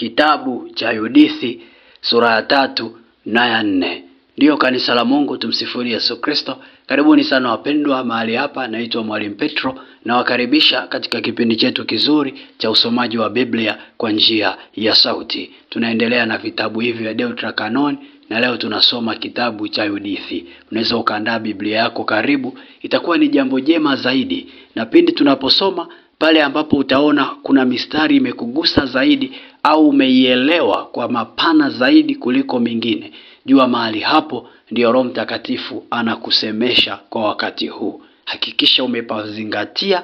kitabu cha Yudithi sura ya tatu na ya nne. Ndiyo kanisa la Mungu, tumsifuri Yesu Kristo. Karibuni sana wapendwa mahali hapa, naitwa Mwalimu Petro, nawakaribisha katika kipindi chetu kizuri cha usomaji wa Biblia kwa njia ya sauti. Tunaendelea na vitabu hivi vya Deuterokanoni na leo tunasoma kitabu cha Yudithi. Unaweza ukaandaa Biblia yako, karibu, itakuwa ni jambo jema zaidi, na pindi tunaposoma pale ambapo utaona kuna mistari imekugusa zaidi, au umeielewa kwa mapana zaidi kuliko mingine, jua mahali hapo ndio Roho Mtakatifu anakusemesha kwa wakati huu. Hakikisha umepazingatia.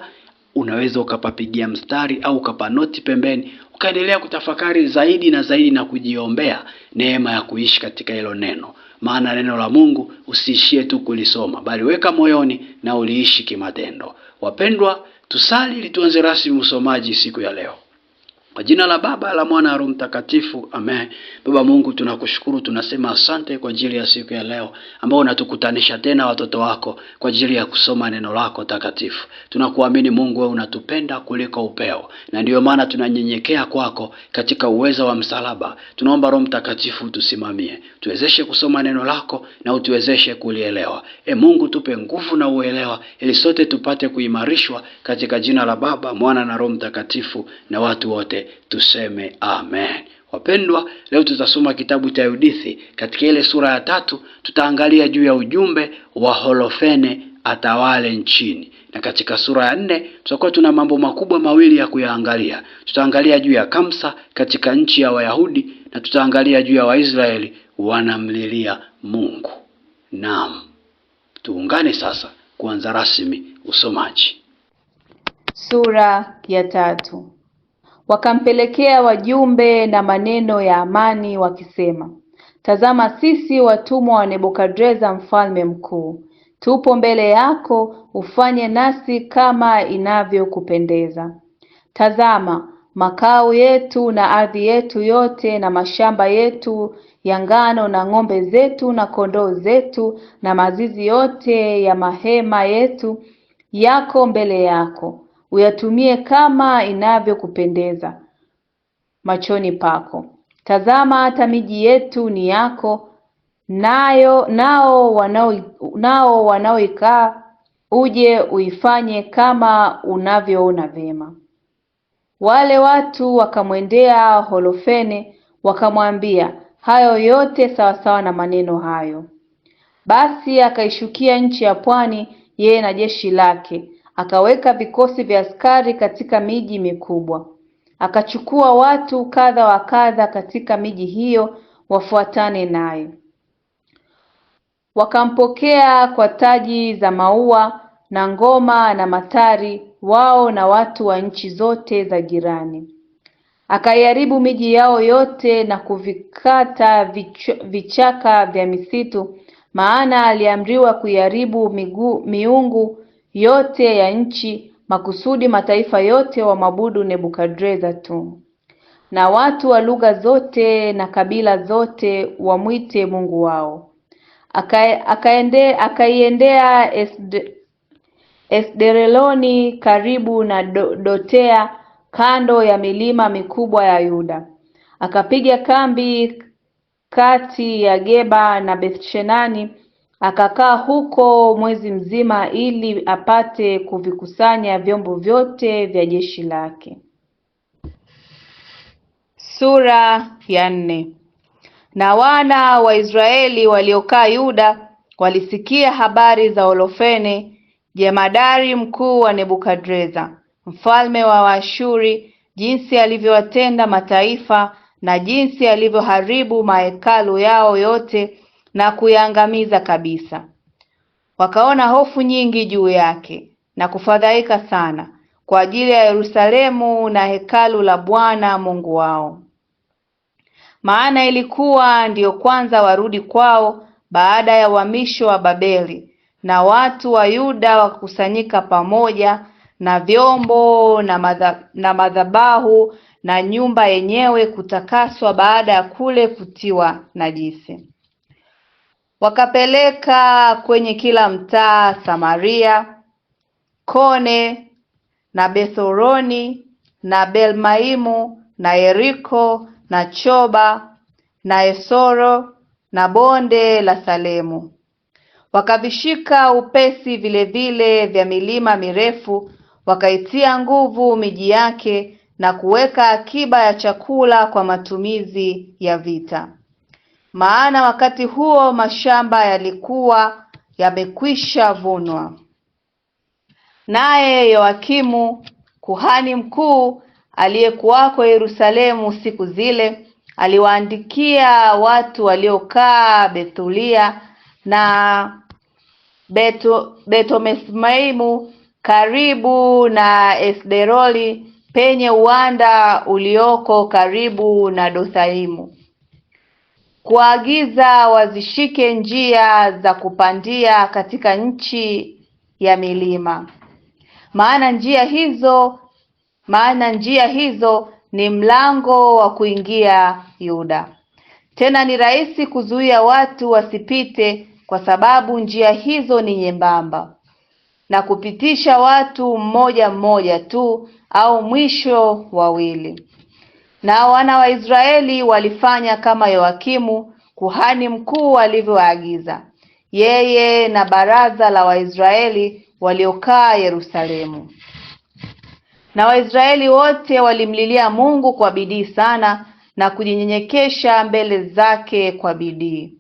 Unaweza ukapapigia mstari au ukapanoti pembeni, ukaendelea kutafakari zaidi na zaidi na kujiombea neema ya kuishi katika hilo neno, maana neno la Mungu usiishie tu kulisoma, bali weka moyoni na uliishi kimatendo. Wapendwa, tusali ili tuanze rasmi usomaji siku ya leo. Kwa jina la Baba la Mwana na Roho Mtakatifu, amen. Baba Mungu, tunakushukuru, tunasema asante kwa ajili ya siku ya leo ambao unatukutanisha tena watoto wako kwa ajili ya kusoma neno lako takatifu. Tunakuamini Mungu, wewe unatupenda kuliko upeo, na ndiyo maana tunanyenyekea kwako katika uwezo wa msalaba. Tunaomba Roho Mtakatifu utusimamie, tuwezeshe kusoma neno lako na utuwezeshe kulielewa. E Mungu, tupe nguvu na uelewa, ili sote tupate kuimarishwa katika jina la Baba, Mwana na Roho Mtakatifu na watu wote tuseme amen. Wapendwa, leo tutasoma kitabu cha Yudithi katika ile sura ya tatu. Tutaangalia juu ya ujumbe wa Holofene atawale nchini, na katika sura ya nne tutakuwa tuna mambo makubwa mawili ya kuyaangalia. Tutaangalia juu ya Kamsa katika nchi ya Wayahudi na tutaangalia juu ya Waisraeli wanamlilia Mungu. Naam, tuungane sasa kuanza rasmi usomaji sura ya tatu. Wakampelekea wajumbe na maneno ya amani wakisema, Tazama sisi watumwa wa Nebukadreza mfalme mkuu tupo mbele yako, ufanye nasi kama inavyokupendeza. Tazama makao yetu na ardhi yetu yote na mashamba yetu ya ngano na ng'ombe zetu na kondoo zetu na mazizi yote ya mahema yetu yako mbele yako, uyatumie kama inavyokupendeza machoni pako. Tazama, hata miji yetu ni yako, nayo nao wanao nao wanaoikaa uje uifanye kama unavyoona vema. Wale watu wakamwendea Holofene wakamwambia hayo yote sawasawa na maneno hayo. Basi akaishukia nchi ya pwani, yeye na jeshi lake, akaweka vikosi vya askari katika miji mikubwa, akachukua watu kadha wa kadha katika miji hiyo wafuatane naye. Wakampokea kwa taji za maua na ngoma na matari, wao na watu wa nchi zote za jirani. Akaiharibu miji yao yote na kuvikata vichaka vya misitu, maana aliamriwa kuiharibu miungu yote ya nchi, makusudi mataifa yote wamwabudu Nebukadreza tu, na watu wa lugha zote na kabila zote wamwite Mungu wao. Akaiendea Esdereloni karibu na do, Dotea kando ya milima mikubwa ya Yuda, akapiga kambi kati ya Geba na Bethshenani Akakaa huko mwezi mzima ili apate kuvikusanya vyombo vyote vya jeshi lake. Sura ya nne. Na wana wa Israeli waliokaa Yuda walisikia habari za Olofene jemadari mkuu wa Nebukadreza mfalme wa Waashuri, jinsi alivyowatenda mataifa na jinsi alivyoharibu mahekalu yao yote na kuyaangamiza kabisa. Wakaona hofu nyingi juu yake na kufadhaika sana kwa ajili ya Yerusalemu na hekalu la Bwana Mungu wao, maana ilikuwa ndiyo kwanza warudi kwao baada ya uhamisho wa Babeli, na watu wa Yuda wakusanyika pamoja na vyombo na madha, na madhabahu na nyumba yenyewe kutakaswa baada ya kule kutiwa najisi. Wakapeleka kwenye kila mtaa Samaria, Kone na bethoroni na Belmaimu na Yeriko na Choba na Esoro na bonde la Salemu. Wakavishika upesi vilevile vya milima mirefu, wakaitia nguvu miji yake na kuweka akiba ya chakula kwa matumizi ya vita maana wakati huo mashamba yalikuwa yamekwisha vunwa. Naye Yoakimu kuhani mkuu aliyekuwako Yerusalemu siku zile aliwaandikia watu waliokaa Bethulia na Beto, Betomesmaimu karibu na Esderoli penye uwanda ulioko karibu na Dothaimu kuagiza wazishike njia za kupandia katika nchi ya milima, maana njia hizo maana njia hizo ni mlango wa kuingia Yuda. Tena ni rahisi kuzuia watu wasipite, kwa sababu njia hizo ni nyembamba na kupitisha watu mmoja mmoja tu au mwisho wawili na wana wa Israeli walifanya kama Yoakimu kuhani mkuu alivyoagiza, yeye na baraza la Waisraeli waliokaa Yerusalemu. Na Waisraeli wote walimlilia Mungu kwa bidii sana na kujinyenyekesha mbele zake kwa bidii.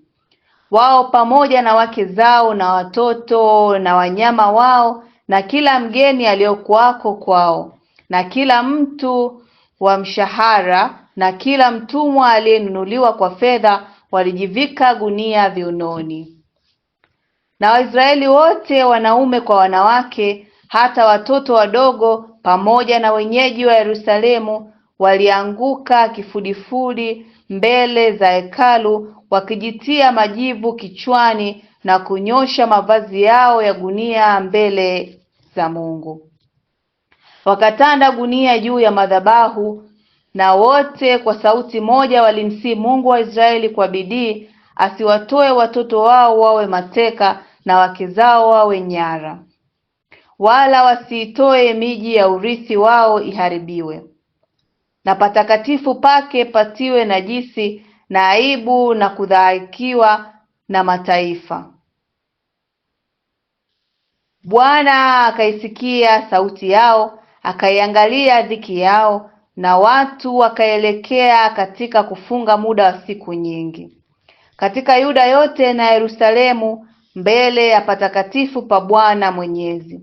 Wao pamoja na wake zao na watoto na wanyama wao na kila mgeni aliyokuwako kwao na kila mtu wa mshahara na kila mtumwa aliyenunuliwa kwa fedha walijivika gunia viunoni. Na Waisraeli wote wanaume kwa wanawake, hata watoto wadogo, pamoja na wenyeji wa Yerusalemu, walianguka kifudifudi mbele za hekalu, wakijitia majivu kichwani na kunyosha mavazi yao ya gunia mbele za Mungu wakatanda gunia juu ya madhabahu, na wote kwa sauti moja walimsii Mungu wa Israeli kwa bidii asiwatoe watoto wao wawe mateka na wake zao wawe nyara, wala wasiitoe miji ya urithi wao iharibiwe, na patakatifu pake patiwe najisi na aibu na kudhaikiwa na mataifa. Bwana akaisikia sauti yao akaiangalia dhiki yao, na watu wakaelekea katika kufunga muda wa siku nyingi katika Yuda yote na Yerusalemu mbele ya patakatifu pa Bwana Mwenyezi.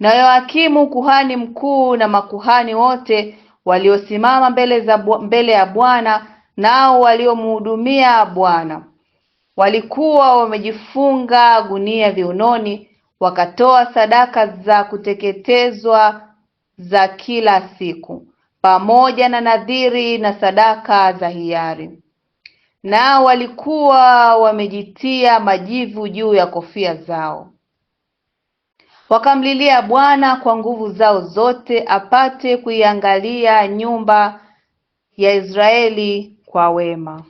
Na Yoakimu kuhani mkuu na makuhani wote waliosimama mbele za mbele ya Bwana nao waliomhudumia Bwana walikuwa wamejifunga gunia viunoni Wakatoa sadaka za kuteketezwa za kila siku pamoja na nadhiri na sadaka za hiari. Nao walikuwa wamejitia majivu juu ya kofia zao. Wakamlilia Bwana kwa nguvu zao zote, apate kuiangalia nyumba ya Israeli kwa wema.